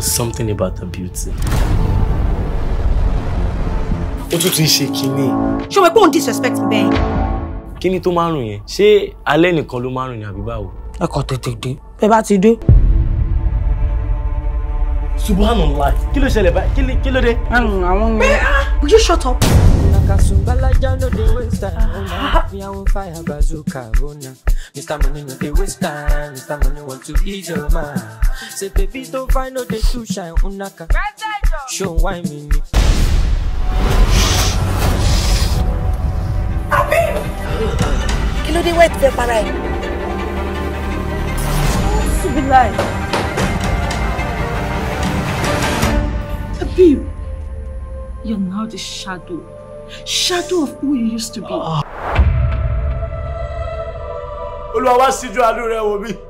was something about her beauty. ó tún ti ń ṣe kínní. ṣé o mọ̀ pé òun disrespect mi bẹ́ẹ̀. kínní tó máa ń rùn yẹn ṣé alẹ́ nìkan ló máa ń rùn yẹn àbí báwo. ẹ kàn tètè dé bẹ bá ti dé. subhanallah kí ló ṣẹlẹ̀ báyìí kí ló dé. àwọn ọmọ. Ah! will you shut up. Me, I will fire bazooka, oh nah. Mr. Money no they waste time. Mr. Money want to your Say baby don't find no shine, unaka. Show why me. me. Kí ló you're now the shadow. Shadow of who you used to be. Ah. olúwa wá síjú àánú rẹ wò mí.